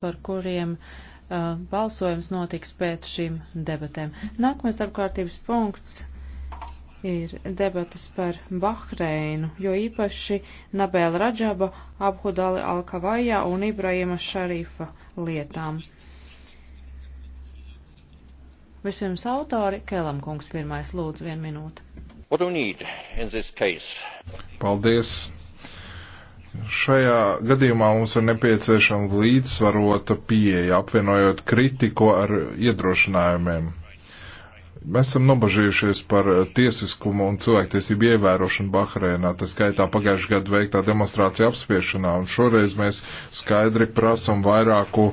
par kuriem uh, balsojums notiks pēc šīm debatēm. Nākamais darbkārtības punkts ir debatas par Bahreinu, jo īpaši Nabēla Radžaba, Abhudali Alkavajā un Ibrahima Šarifa lietām. Vispirms autori Kelam kungs pirmais lūdzu vienu minūtu. Paldies. Šajā gadījumā mums ir nepieciešama līdzsvarota pieeja, apvienojot kritiku ar iedrošinājumiem. Mēs esam nobažījušies par tiesiskumu un cilvēktiesību ievērošanu Bahreinā, tā skaitā pagājušajā gadu veiktā demonstrācija apspiešanā, un šoreiz mēs skaidri prasam vairāku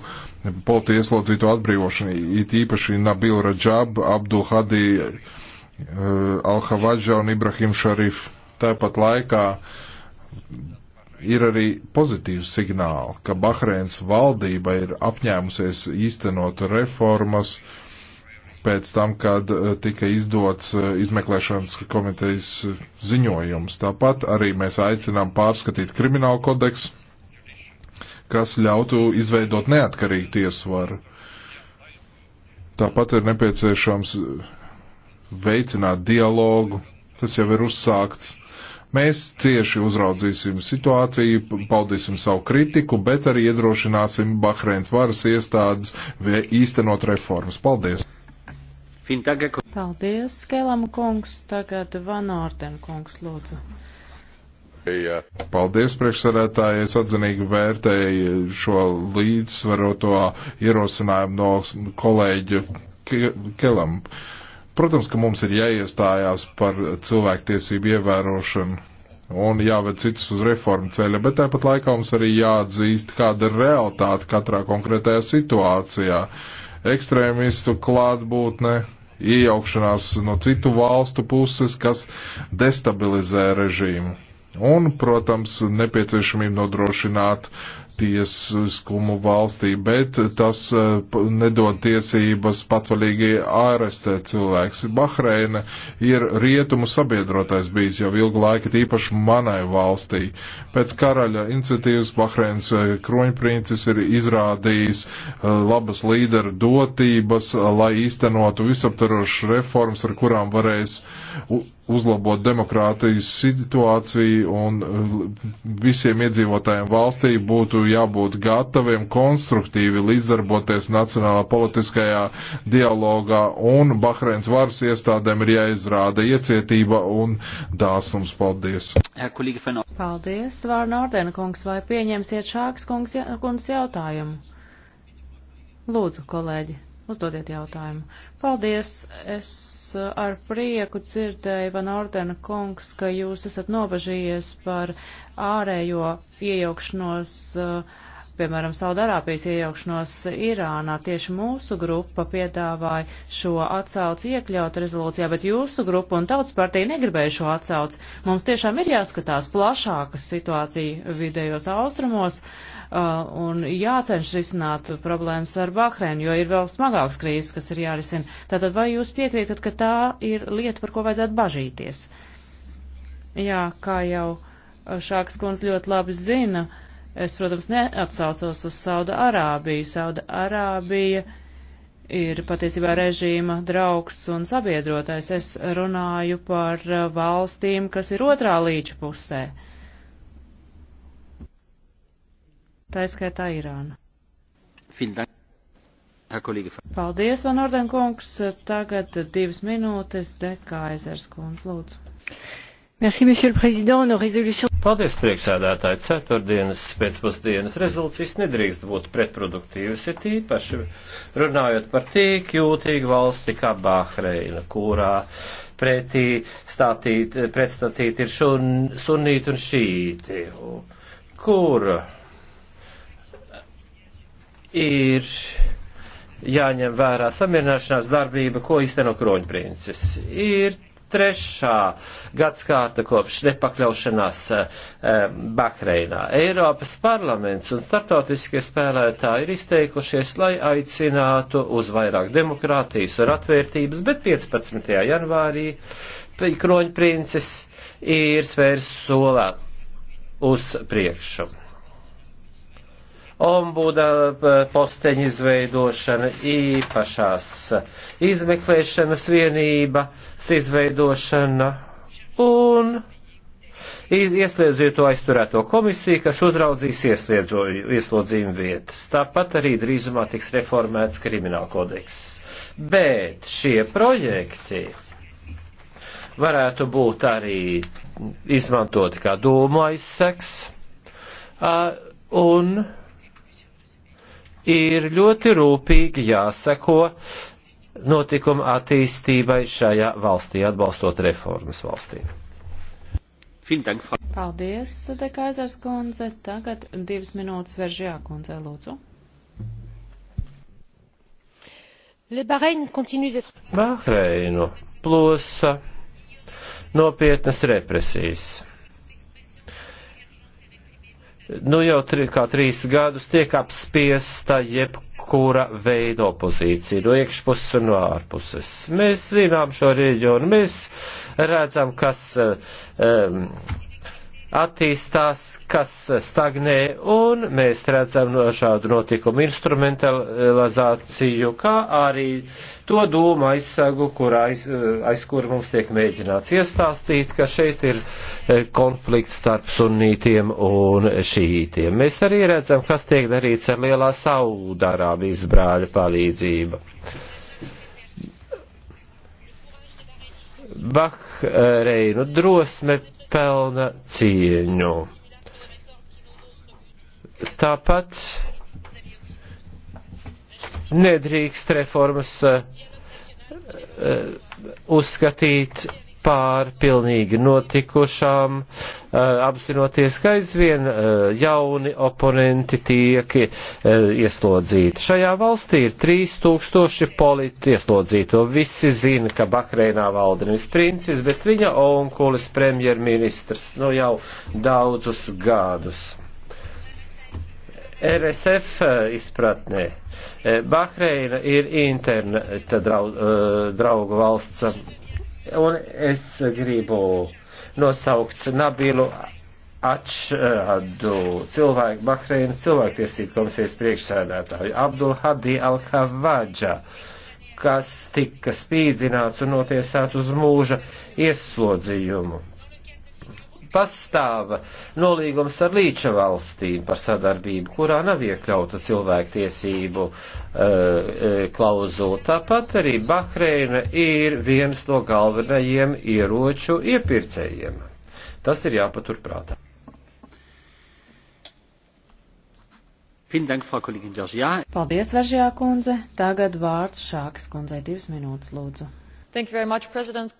politi ieslodzīto atbrīvošanu, it īpaši Nabil Rajab, Abdul Hadi, eh, Al-Havadža un Ibrahim Šarif. Tāpat laikā ir arī pozitīvs signāls, ka Bahreins valdība ir apņēmusies īstenot reformas pēc tam, kad eh, tika izdots eh, izmeklēšanas komitejas eh, ziņojums. Tāpat arī mēs aicinām pārskatīt kriminālu kodeksu, kas ļautu izveidot neatkarīgu tiesvaru. Tāpat ir nepieciešams veicināt dialogu, kas jau ir uzsākts Mēs cieši uzraudzīsim situāciju, paudīsim savu kritiku, bet arī iedrošināsim Bahreins varas iestādes īstenot reformas. Paldies! Paldies, Skelama kungs. Tagad Van Orden kungs, lūdzu. Jā. Paldies, priekšsarētāji. Es atzinīgi vērtēju šo līdzsvaroto ierosinājumu no kolēģa Kelam. Ke Protams, ka mums ir jāiestājās par cilvēktiesību ievērošanu un jāved citus uz reformu ceļa, bet tāpat laikā mums arī jāatzīst, kāda ir realitāte katrā konkrētajā situācijā. Ekstrēmistu klātbūtne, iejaukšanās no citu valstu puses, kas destabilizē režīmu. Un, protams, nepieciešamība nodrošināt tiesiskumu valstī, bet tas eh, nedod tiesības patvaļīgi ārestēt cilvēks. Bahreina ir rietumu sabiedrotais bijis jau ilgu laiku, tīpaši manai valstī. Pēc karaļa iniciatīvas Bahreinas eh, kroņprincis ir izrādījis eh, labas līderu dotības, lai īstenotu visaptarošas reformas, ar kurām varēs uzlabot demokrātijas situāciju un visiem iedzīvotājiem valstī būtu jābūt gataviem konstruktīvi līdzdarboties nacionālā politiskajā dialogā, un Bahreins varas iestādēm ir jāizrāda iecietība un dāsnums. Paldies! Paldies, Vārna Ordena kungs, vai pieņemsiet šāks kungs, kungs jautājumu? Lūdzu, kolēģi! Uzdodiet jautājumu. Paldies! Es eh, ar prieku dzirdēju, Van Ordena kungs, ka jūs esat nobažījies par ārējo iejaukšanos, eh, piemēram, Saudarābijas iejaukšanos Irānā. Tieši mūsu grupa piedāvāja šo atsauci iekļaut rezolūcijā, bet jūsu grupa un tautas partija negribēja šo atsauci. Mums tiešām ir jāskatās plašāka situācija vidējos austrumos. Uh, Uh, un jācenš risināt problēmas ar Bahreinu, jo ir vēl smagāks krīzes, kas ir jārisina. Tātad vai jūs piekrītat, ka tā ir lieta, par ko vajadzētu bažīties? Jā, kā jau uh, Šāks kundz ļoti labi zina, es, protams, neatsaucos uz Sauda Arābiju. Sauda Arābija ir patiesībā režīma draugs un sabiedrotais. Es runāju par uh, valstīm, kas ir otrā līča pusē. Uh, tā izskaitā Irāna. Paldies, Van Orden kungs. Tagad divas minūtes Deka Aizers kundz, lūdzu. Merci, monsieur le président. Nos résolutions. Paldies, priekšsēdētāji. Ceturtdienas pēcpusdienas rezolūcijas nedrīkst būt pretproduktīvas, ir tīpaši runājot par tik jūtīgu valsti kā Bahreina, kurā pretī statīt, pretstatīt ir šun, sunīti un šīti, kur ir jāņem vērā samierināšanās darbība, ko izteno kroņprincis. Ir trešā gadskārta kopš nepakļaušanās eh, Bahreinā. Eiropas parlaments un startautiskie spēlētāji ir izteikušies, lai aicinātu uz vairāk demokrātijas un atvērtības, bet 15. janvārī kroņprinces ir svērs solā uz priekšu ombuda posteņa izveidošana, īpašās izmeklēšanas vienības izveidošana un ieslēdzīto aizturēto komisiju, kas uzraudzīs ieslodzījumu vietas. Tāpat arī drīzumā tiks reformēts krimināla kodeks. Bet šie projekti varētu būt arī izmantoti kā dūmu aizseks. Un ir ļoti rūpīgi jāseko notikuma attīstībai šajā valstī, atbalstot reformas valstī. Paldies, Dekaizers kundze. Tagad divas minūtes veržjā kundze, lūdzu. Bahreinu plosa nopietnas represijas nu jau tri, kā trīs gadus tiek apspiesta jebkura veida opozīcija, no iekšpuses un no ārpuses. Mēs zinām šo reģionu, mēs redzam, kas um, attīstās, kas stagnē, un mēs redzam šādu notikumu instrumentalizāciju, kā arī to dūmu aizsagu, kur aiz, aiz kur mums tiek mēģināts iestāstīt, ka šeit ir eh, konflikts starp sunītiem un šītiem. Mēs arī redzam, kas tiek darīts ar lielā Saudarābijas brāļa palīdzību. Bahreinu drosme pelna cieņu. Tāpat nedrīkst reformas eh, eh, uzskatīt pār pilnīgi notikušām, eh, apzinoties, ka aizvien eh, jauni oponenti tiek eh, ieslodzīti. Šajā valstī ir 3000 politi ieslodzīto. Visi zina, ka Bahreinā valda nevis princis, bet viņa onkulis premjerministrs nu jau daudzus gadus. RSF izpratnē. Bahreina ir interneta draugu valsts Un es gribu nosaukt Nabilu atšādu cilvēku Bahreina cilvēktiesību komisijas priekšsēdētāju Abdul Hadi Al-Kavadža, kas tika spīdzināts un notiesāts uz mūža ieslodzījumu pastāva nolīgums ar līča valstīm par sadarbību, kurā nav iekļauta cilvēktiesību uh, klauzula. Tāpat arī Bahreina ir viens no galvenajiem ieroču iepircējiem. Tas ir jāpaturprātā. Paldies, Veržjā kundze. Tagad vārds Šākas kundzei divas minūtes, lūdzu. Thank you very much, President.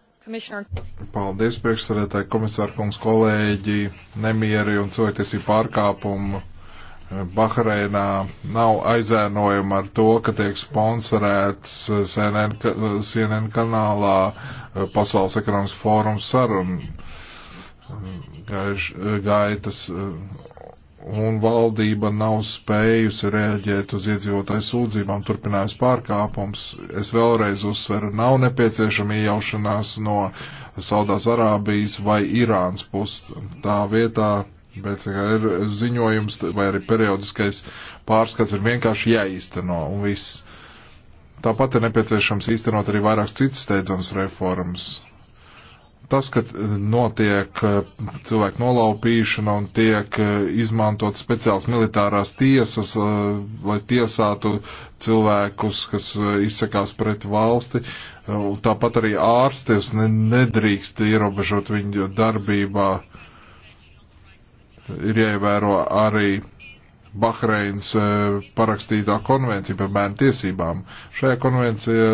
Paldies, priekšsarētāji, komisārkungs, kolēģi, nemieri un cilvēktiesību pārkāpumu. Eh, Bahreinā nav aizēnojama ar to, ka tiek sponsorēts eh, CNN, CNN kanālā eh, Pasaules ekonomikas fórums saruna gaitas un valdība nav spējusi reaģēt uz iedzīvotāju sūdzībām, turpinājums pārkāpums. Es vēlreiz uzsveru, nav nepieciešama iejaušanās no Saudās Arābijas vai Irānas puses. Tā vietā, bet ir ziņojums vai arī periodiskais pārskats ir vienkārši jāīsteno un viss. Tāpat ir nepieciešams īstenot arī vairākas citas steidzamas reformas tas, ka eh, notiek eh, cilvēku nolaupīšana un tiek eh, izmantot speciāls militārās tiesas, lai tiesātu cilvēkus, kas izsakās pret valsti, tāpat arī ārstis nedrīkst ierobežot viņu darbībā. Ir jāievēro arī Bahreins parakstītā konvencija par bērnu tiesībām. Šajā konvencijā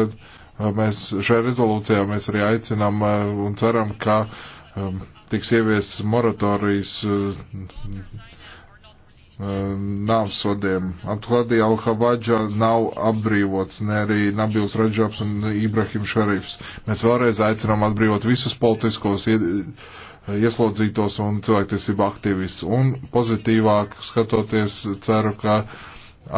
Mēs šajā rezolūcijā mēs arī aicinām eh, un ceram, ka eh, tiks ievies moratorijas eh, nāvs sodiem. Atklātī Al-Havadža nav apbrīvots, ne arī Nabils Radžabs un Ibrahim Šarifs. Mēs vēlreiz aicinām atbrīvot visus politiskos ieslodzītos un cilvēktiesību aktīvistus. Un pozitīvāk skatoties, ceru, ka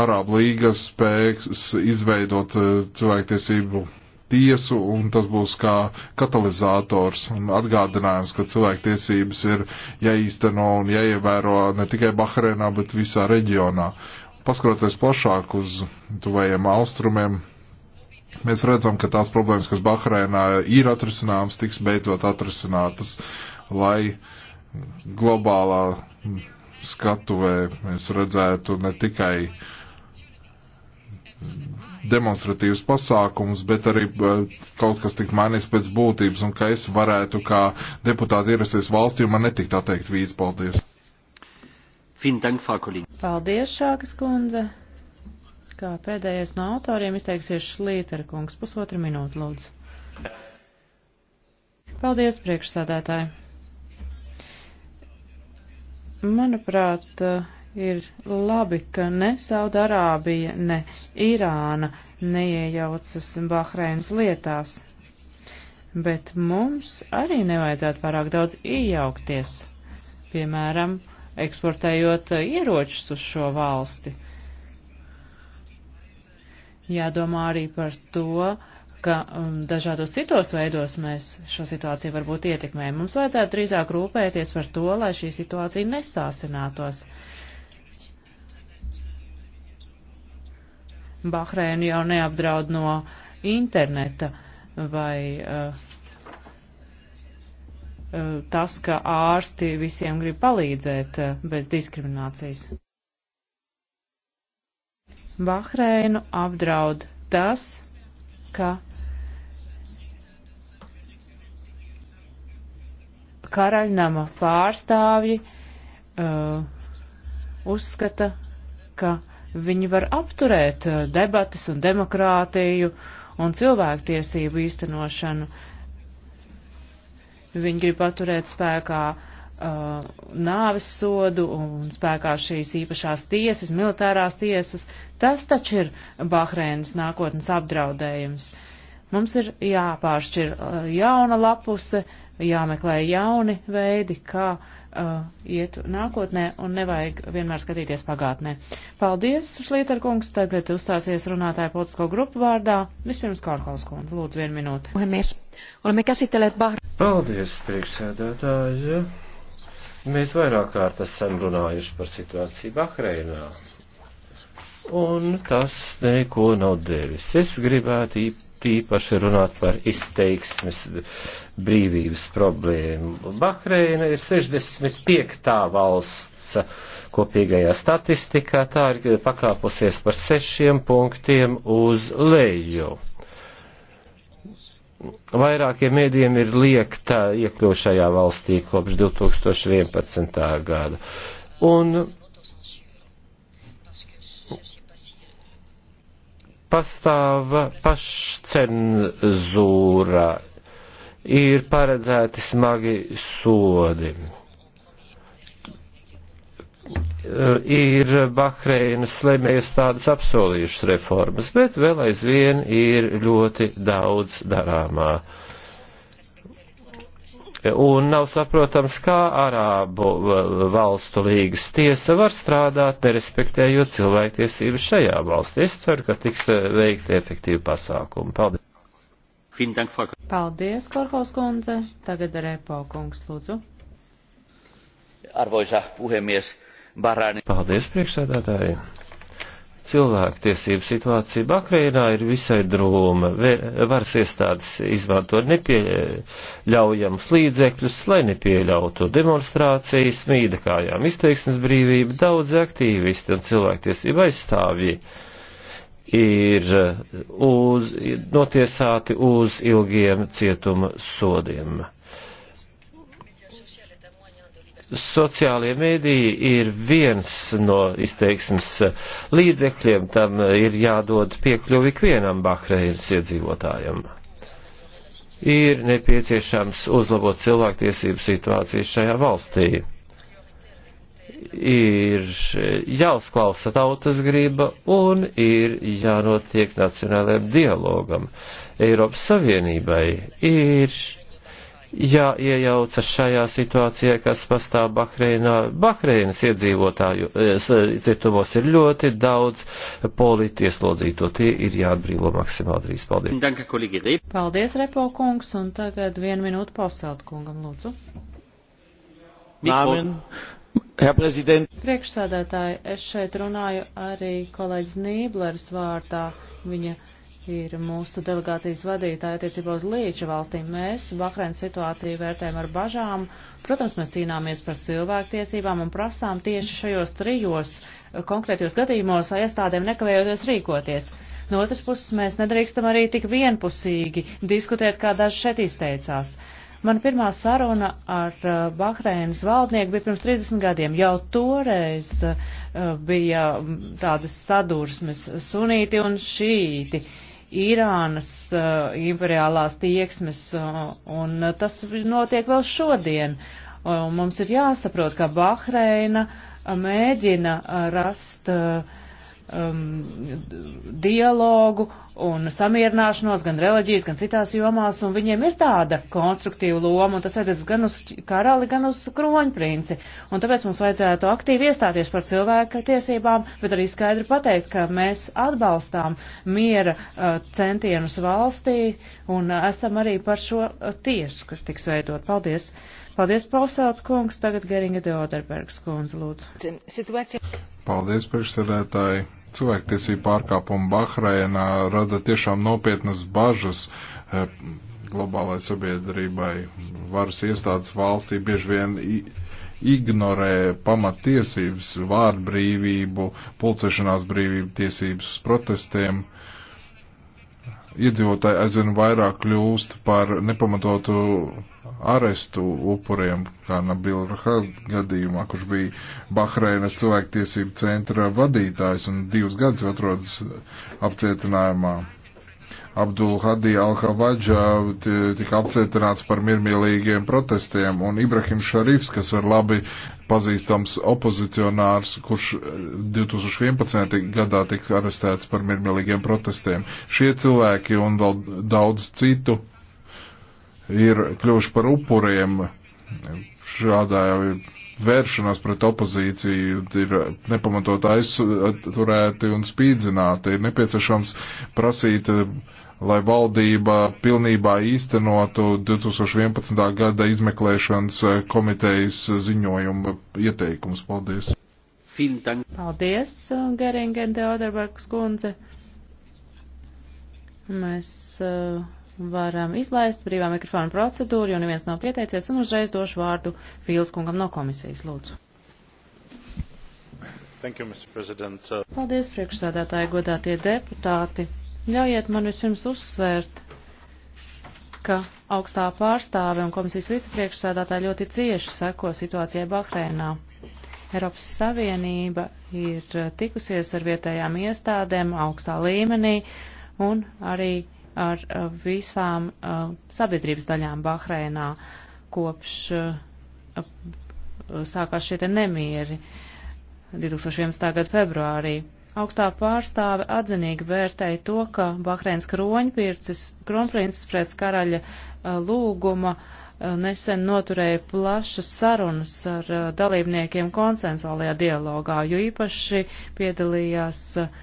Arāba līga spēks izveidot cilvēktiesību tiesu, un tas būs kā katalizators un atgādinājums, ka cilvēktiesības ir jāīsteno un jāievēro ne tikai Bahreinā, bet visā reģionā. Paskatoties plašāk uz tuvējiem austrumiem, mēs redzam, ka tās problēmas, kas Bahreinā ir atrisināmas, tiks beidzot atrisinātas, lai globālā skatuvē mēs redzētu ne tikai demonstratīvs pasākums, bet arī uh, kaut kas tik mainīs pēc būtības un ka es varētu kā deputāti ierasties valstī un man netikt atteikt vīzu. Paldies! Paldies, Šākas kundze! Kā pēdējais no autoriem izteiksies Šlītera kungs. Pusotru minūtu, lūdzu. Paldies, priekšsādētāji! Manuprāt, uh, Ir labi, ka ne Saudārābija, ne Irāna neiejaucas Bahreinas lietās, bet mums arī nevajadzētu pārāk daudz iejaukties, piemēram, eksportējot ieročus uz šo valsti. Jādomā arī par to, ka um, dažādos citos veidos mēs šo situāciju varbūt ietekmējam. Mums vajadzētu drīzāk rūpēties par to, lai šī situācija nesāsinātos. Uh, Bahreinu jau neapdraud no interneta vai uh, tas, ka ārsti visiem grib palīdzēt eh, bez diskriminācijas. Bahreinu apdraud tas, ka karaļnama pārstāvji uh, uzskata, ka Viņi var apturēt eh, debatas un demokrātiju un cilvēktiesību īstenošanu. Viņi grib paturēt spēkā uh, eh, nāvis sodu un spēkā šīs īpašās tiesas, militārās tiesas. Tas taču ir Bahreinas nākotnes apdraudējums. Mums ir jāpāršķir eh, jauna lapuse, jāmeklē jauni veidi, kā uh, uh, iet nākotnē un nevajag vienmēr skatīties pagātnē. Paldies, Šlieter kungs, tagad uzstāsies runātāja politisko grupu vārdā. Vispirms Kārkals kundze, lūdzu vienu minūti. Puhemies, olemme käsitelleet Bahra. Paldies, priekšsēdētāji. Mēs vairāk kārt esam runājuši par situāciju Bahreinā. Un tas neko nav devis. Es gribētu īpaši tīpaši runāt par izteiksmes brīvības problēmu. Bahreina ir 65. valsts kopīgajā statistikā, tā ir pakāpusies par sešiem punktiem uz leju. Vairākiem mēdiem ir liekta iekļūt šajā valstī kopš 2011. gada. Un pastāv pašcenzūra, ir paredzēti smagi sodi. Ir Bahreinas slimējas tādas apsolījušas reformas, bet vēl aizvien ir ļoti daudz darāmā un nav saprotams, kā Arābu e, valstu līgas tiesa var strādāt, nerespektējot cilvēktiesības šajā valstī. Es ceru, ka tiks e, veikti efektīvi pasākumi. Paldies! Paldies, Korhaus kundze. Tagad Repo kungs, lūdzu. Arvoisa puhemies, Barani. Paldies, priekšsēdētāji cilvēktiesību situācija Bahreinā ir visai drūma. Varas iestādes izmanto nepieļaujamus līdzekļus, lai nepieļautu demonstrācijas, mīda kājām izteiksmes brīvība, daudzi aktīvisti un cilvēktiesību aizstāvji ir uz, notiesāti uz ilgiem cietuma sodiem sociālie mēdīji ir viens no izteiksmes līdzekļiem, tam ir jādod piekļuvi ikvienam Bahreinas iedzīvotājam. Ir nepieciešams uzlabot cilvēktiesību situāciju šajā valstī. Ir jāuzklausa tautas grība un ir jānotiek nacionālajam dialogam. Eiropas Savienībai ir jāiejaucas šajā situācijā, kas pastāv Bahreinā. Bahreinas iedzīvotāju eh, cietumos ir ļoti daudz politi ieslodzīto. Tie ir jāatbrīvo maksimāli drīz. Paldies. Paldies, Repo kungs, un tagad vienu minūtu pausēt kungam, lūdzu. Nāmen. Priekšsādātāji, es šeit runāju arī kolēģis Nīblers vārtā. Viņa ir mūsu delegācijas vadītāja attiecībā uz līča valstīm. Mēs Bahreinas situāciju vērtējam ar bažām. Protams, mēs cīnāmies par cilvēktiesībām un prasām tieši šajos trijos eh, konkrētajos gadījumos iestādēm nekavējoties rīkoties. No otras puses, mēs nedrīkstam arī tik vienpusīgi diskutēt, kā daži šeit izteicās. Man pirmā saruna ar eh, Bahreinas valdnieku bija pirms 30 gadiem. Jau toreiz eh, bija tādas sadursmes sunīti un šīti. Uh, Irānas uh, imperiālās tieksmes, uh, un tas notiek vēl šodien. Un eh, mums ir jāsaprot, ka Bahreina mēģina rast uh, um, dialogu un samierināšanos gan reliģijas, gan citās jomās, un viņiem ir tāda konstruktīva loma, un tas attiecas gan uz karali, gan uz kroņprinci. Un tāpēc mums vajadzētu aktīvi iestāties par cilvēka tiesībām, bet arī skaidri pateikt, ka mēs atbalstām miera uh, centienus valstī un uh, esam arī par šo uh, tiesu, kas tiks veidot. Paldies! Paldies, Pausāt kungs, tagad Geringa Deoderbergs kundze, lūdzu. Paldies, priekšsēdētāji cilvēktiesību pārkāpumi Bahreinā rada tiešām nopietnas bažas e, globālai sabiedrībai. Varas iestādes valstī bieži vien ignorē pamatiesības, vārdbrīvību, pulcešanās brīvību, tiesības uz protestiem. Uh, iedzīvotāji aizvien vairāk kļūst par nepamatotu arestu upuriem, kā Nabila Rahad gadījumā, kurš bija Bahreinas cilvēktiesību centra vadītājs un divus gadus atrodas apcietinājumā. Abdul Hadī Al-Havadža tika apcietināts par miermīlīgiem protestiem, un Ibrahim Šarifs, kas ar labi pazīstams opozicionārs, kurš 2011. Eh, gadā tika arestēts par mirmīlīgiem protestiem. Šie cilvēki un vēl daudz citu ir kļuvuši par upuriem šādā jau vēršanās pret opozīciju, ir nepamatot aizturēti un spīdzināti. Ir nepieciešams prasīt eh, lai valdība pilnībā īstenotu 2011. gada izmeklēšanas eh, komitejas ziņojumu ieteikumus. Paldies! Paldies, eh, Geringen Deodarbergs kundze! Mēs uh, varam izlaist brīvā mikrofona procedūru, jo neviens nav pieteicies, un uzreiz došu vārdu Fīls kungam no komisijas. Lūdzu. Thank you, Mr. President. Uh, Paldies, priekšsādātāji, godātie deputāti. Ļaujiet man vispirms uzsvērt, ka augstā pārstāve un komisijas vicepriekšsēdātāja ļoti cieši seko situācijai Bahreinā. Eiropas Savienība ir eh, tikusies ar vietējām iestādēm augstā līmenī un arī ar eh, visām uh, sabiedrības daļām Bahreinā kopš uh, sākās šie te nemieri 2011. gada februārī. Augstā pārstāve atzinīgi vērtēja to, ka Bahreins kroņpircis, kronprinces pēc karaļa eh, lūguma eh, nesen noturēja plašas sarunas ar eh, dalībniekiem konsensuālajā dialogā, jo īpaši piedalījās uh,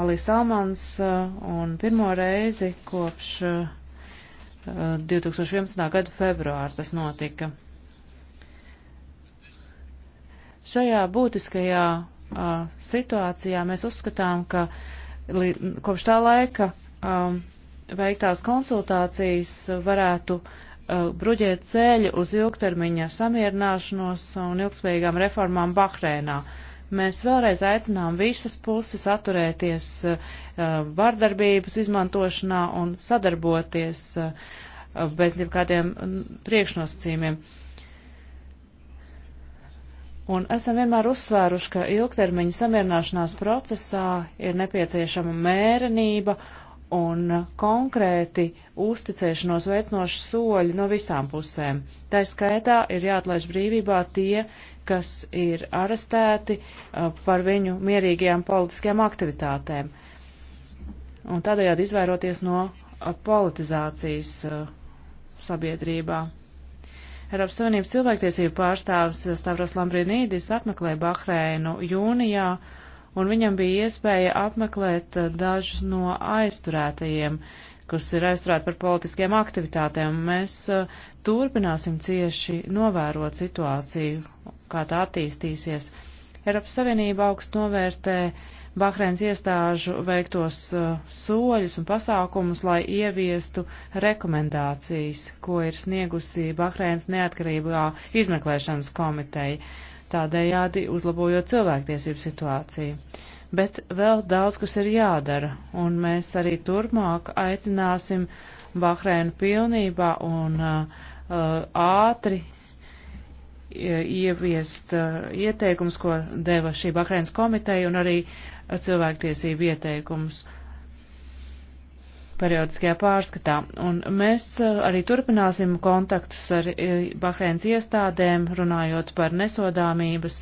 Ali Salmans uh, un pirmo reizi kopš uh, 2011. gada februāra tas notika. Šajā būtiskajā a, situācijā mēs uzskatām, ka li, kopš tā laika a, veiktās konsultācijas varētu bruģēt ceļu uz ilgtermiņa samierināšanos un ilgspējīgām reformām Bahreinā. Mēs vēlreiz aicinām visas puses atturēties vardarbības izmantošanā un sadarboties bez jebkādiem priekšnosacījumiem. Uh, Un esam vienmēr uzsvēruši, ka ilgtermiņa samierināšanās procesā ir nepieciešama mērenība un konkrēti uzticēšanos veicinoši soļi no visām pusēm. Tā skaitā ir jāatlaiž brīvībā tie, kas ir arestēti par viņu mierīgajām politiskajām aktivitātēm. Un tādējādi izvairoties no politizācijas sabiedrībā. Eiropas Savienības cilvēktiesību pārstāvis Stavros Lambrinīdis apmeklēja Bahreinu jūnijā, un viņam bija iespēja apmeklēt eh, dažus no aizturētajiem, kas ir aizturēti par politiskiem aktivitātēm. Mēs eh, turpināsim cieši novērot situāciju, kā tā attīstīsies. Eiropas Savienība augst novērtē Bahreins iestāžu veiktos uh, soļus un pasākumus, lai ieviestu rekomendācijas, ko ir sniegusi Bahreins neatkarībā izmeklēšanas komiteja, tādējādi uzlabojot cilvēktiesību situāciju. Bet vēl daudz, kas ir jādara, un mēs arī turpmāk aicināsim Bahreinu pilnībā un uh, uh ātri ieviest uh, ieteikums, ko deva šī Bahreinas komiteja un arī cilvēktiesību ieteikums periodiskajā pārskatā. Un mēs uh, arī turpināsim kontaktus ar uh, Bahreinas iestādēm, runājot par nesodāmības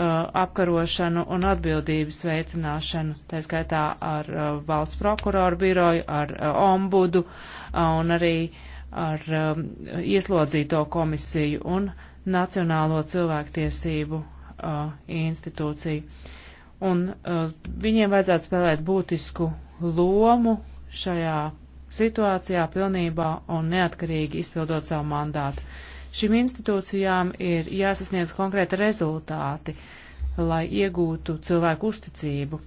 apkarošanu un atbildības veicināšanu, tā skaitā ar valsts prokuroru biroju, ar ombudu un arī ar um, ieslodzīto komisiju un Nacionālo cilvēktiesību uh, institūciju. Un uh, viņiem vajadzētu spēlēt būtisku lomu šajā situācijā pilnībā un neatkarīgi izpildot savu mandātu. Šīm institūcijām ir jāsasniedz konkrēti rezultāti, lai iegūtu cilvēku uzticību.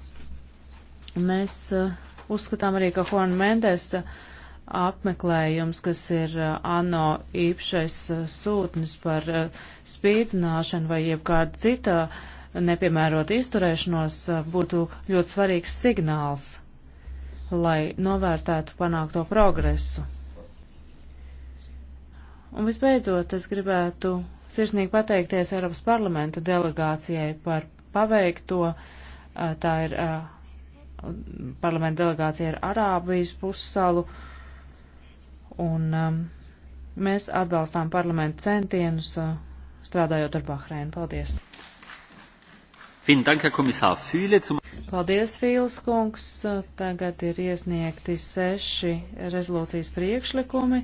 Mēs uh, uzskatām arī, ka Juan Mendesa uh, apmeklējums, kas ir uh, ANO īpašais uh, sūtnis par uh, spīdzināšanu vai jebkāda cita nepiemērota izturēšanos, būtu ļoti svarīgs signāls, lai novērtētu panākto progresu. Un visbeidzot, es gribētu sirsnīgi pateikties Eiropas parlamenta delegācijai par paveikto. Tā ir parlamenta delegācija ar Arābijas pussalu Un um, mēs atbalstām parlamentu centienus uh, strādājot ar Bahreinu. Paldies! Paldies, Fīls kungs. Uh, tagad ir iesniegti seši rezolūcijas priekšlikumi.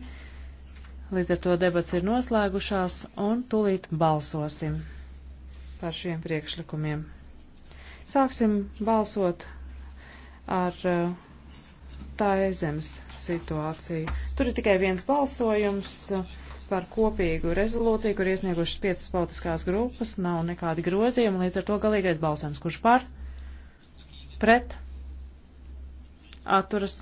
Līdz ar to debats ir noslēgušās un tūlīt balsosim par šiem priekšlikumiem. Sāksim balsot ar uh, tā ir zemes situācija. Tur ir tikai viens balsojums par kopīgu rezolūciju, kur iesniegušas piecas politiskās grupas, nav nekādi grozījumi, līdz ar to galīgais balsojums, kurš par, pret, atturas